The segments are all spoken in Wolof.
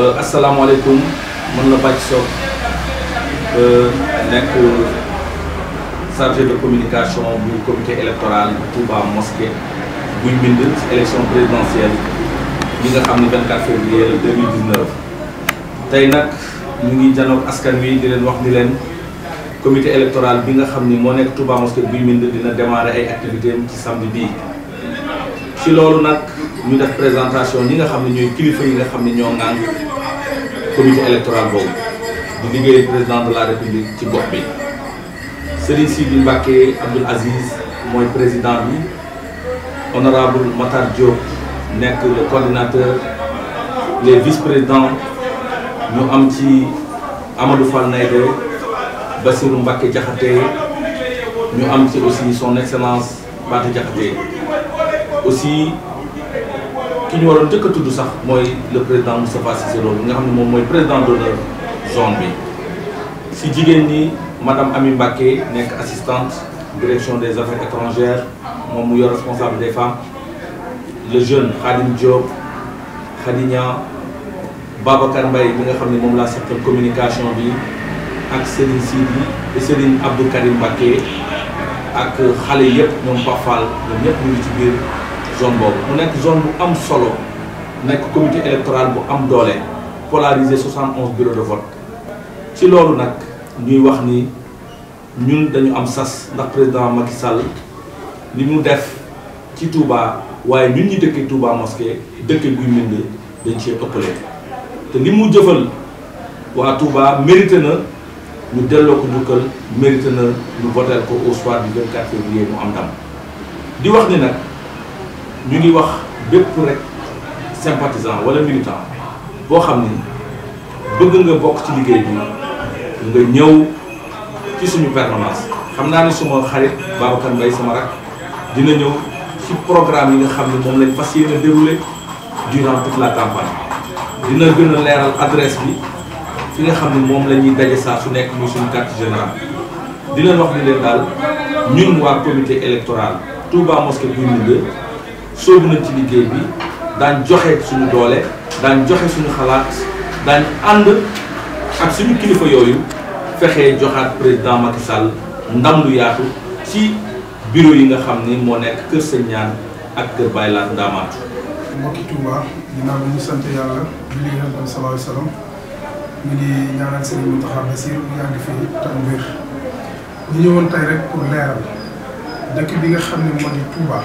Euh, asalaamaaleykum mën na Bathie Sow euh, nekk chargé de communication bu comité électoral Touba Mosquée buñ bind élection présidentielle bi nga xam ne 24 février tey nag mu ngi janoog askan wi di leen wax ni leen comité électoral bi nga xam ni moo nekk Touba Mosquée buñ bind dina démarrer ay activités ci samedi bi ci loolu nag ñu def présentation ñi nga xam ne ñooy kilifa yi nga xam ne ñoo ŋàng comité président de la république ci gox celui-ci Sidi Mbacké Abdul Aziz mon président honorable Matar Diop nekk le coordinateur les vice-présidents ñu am ci Amadou Fall Naydé Bassirou Mbacké Diakhaté ñu am ci aussi son excellence Bata Djakate, aussi ki ñu waroon njëkk a tudd sax moi le président Moussa Cissé Lo bi nga le ne moom mooy président d'honneur zone bi si jigéen ñi madame Ami Baké, Nek assistante direction des affaires étrangères mon mu responsable des femmes le jeune Khadim Diop Khadinia Babacar Mbaye bi nga xam ne la laa secteur communication bi ak Sidi et Serigne Abdou Karim Baké, ak xale yëpp ñoom Bafal le ñëpp ñu zone une mu zone am solo nek comité électoral bu am dolé polariser 71 bureaux de vote ci lolu nak ñuy wax ni ñun dañu am sas ndax président Macky Sall li mu def ci Touba waye ñun ñi dëkkee Touba mosquée dëkkee Guy Mbind dañ cee ëppale te li mu jëfal waa Touba mérité na ñu delloo ko njukkal mérité na ñu voter ko au soir du 24 février mu am ndam di wax ni nak ñu ngi wax bépp rek sympathisant wala militant boo xam ni bëgg nga bokk ci liggéey bi nga ñëw ci suñu permanence xam naa ni suma xarit Babacar Mbaye sama rak dina ñëw ci programme yi nga xam ne moom lañ fas yéene déroulé durant toute la campagne dina gën a leeral adresse bi fi nga xam ne moom la ñuy daje saa su nekk muy suñu carte générale dina wax ni leen daal ñun waa comité électoral Touba mosquée bu sóobu nañ ci liggéey bi daañ joxe suñu doole daan joxe suñu xalaat daañ ànd ak suñu kilifa yooyu fexe joxaat président Macky Sall ndam lu yaatu ci bureau yi nga xam ni moo nekk Kër Sëñ Ñaan ak Kër Baye Laat Ndaamaatu. mbokki Touba ginnaaw bi ñu sant yàlla ñu ngi leen di salaahu salaam ñu ngi ñaanal sëriñ fi tam wér ñu ñëwoon tey rek pour leeral dëkk bi nga xam ne moo di Touba.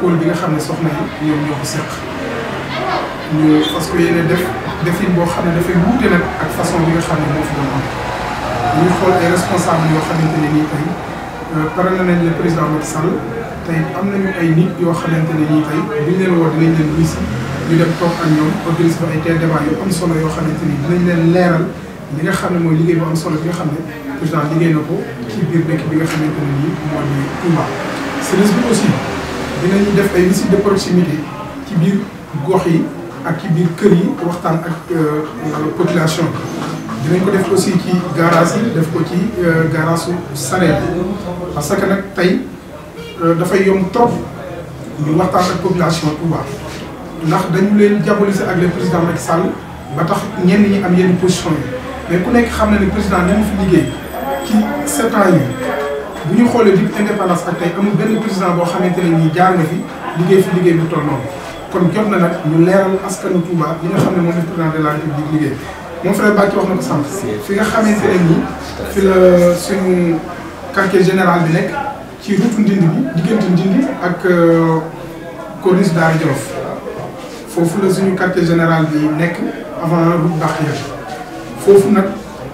pôle bi nga xam ne soxna yi ñoom ñoo ko seq ñu fas ko yéene def defin boo xam ne dafay wuute nag ak façon bi nga xam ne moo fi doon am ñuy xool ay responsable yoo xamante ne nii tey pare na nañ le président Macky Sall tey am nañu ay nit yoo xamante ne nii tey buñ leen woo dinañ leen wis ñu dem toog ak ñoom organiser ay teel débat yu am solo yoo xamante ni dinañ leen leeral li nga xam ne mooy liggéey bu am solo bi nga xam ne président liggéey na ko ci biir dëkk bi nga xamante ne nii moo di Touba service bi aussi dinañu def ay visite de proximité ci biir gox yi ak ci biir kër yi waxtaan ak euh, population dinañ ko def aussi ci garage yi def ko ci euh, garage su sareet parce que nag tey euh, dafay yomb trop ñu waxtaan ak population Touba ndax dañu leen diaboliser ak le président Macky Sall ba tax ñenn ñi am yenn position yi mais ku nekk xam na ne président ni mu fi liggéey ci sept ans yi bu ñu xoolee depuis indépendance ak tey amul benn président boo xamante ne nii jaar na fi liggéey fi liggéey bu toll noonu kon jot na nag ñu leeral askanu Touba li nga xam ne moom la président de la République liggéey mon frère Bàcc wax na ko sànq fi nga xamante ne nii fi la suñu quartier général bi nekk ci route Ndindi bi diggante Ndindi ak euh, corniche Daara Jolof foofu la suñu quartier général bi nekk avant route Bakhya foofu nag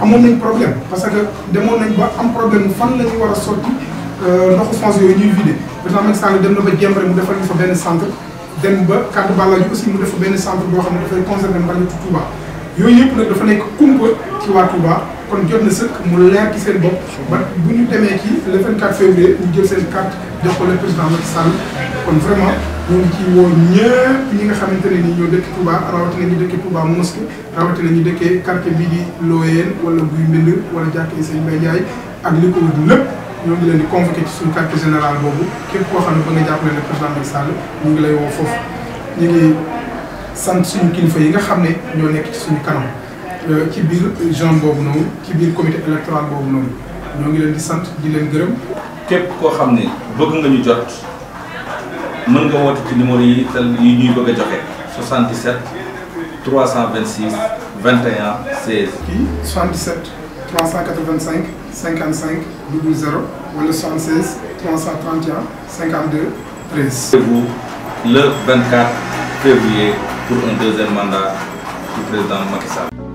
amoon nañ problème parce que demoon nañ ba am problème fan la ñu war a sotti euh, ndoxu fonds yooyu ñuy vidé président Macky Sall dem na ba Jembre mu defal ñu fa benn centre dem ba Kante Balla ji aussi mu def benn centre boo xam ne dafay concerné mbalit Touba yooyu yëpp nag dafa nekk kumpa ci waa Touba. kon jot na sëkk mu leer ci seen bopp ba bu ñu demee ci le 24 février ñu jël seen carte jox ko le président Macky Sall kon vraiment ñu ngi ci woo ñëpp ñi nga xamante ne ni ñoo dëkk Touba rawatina ñu dëkkee Touba mosquée rawatina ñu dëkkee quartier bii di Looyeen wala Guy Mbind wala jàkkee Sëñ Mbaye Ndiaye ak li ko wut lépp ñoo ngi leen di convoqué ci suñu quartier général boobu képp koo xam ne ba nga jàppale le président Macky Sall ñu ngi lay woo foofu ñu ngi sant suñu kilifa yi nga xam ne ñoo nekk ci suñu kanam Euh, ci Jean jeune Kibir ci comité électoral boobu noonu ñoo ngi leen di sant di leen gërëm. képp le bëgg nga ñu jot nga ci numéro yi te yi ñuy bëgg 77 326 21 16. 67 77 385 55 00 wala 76 331 52 13. Priez-vous le 24 février pour un deuxième mandat du président Macky Sall.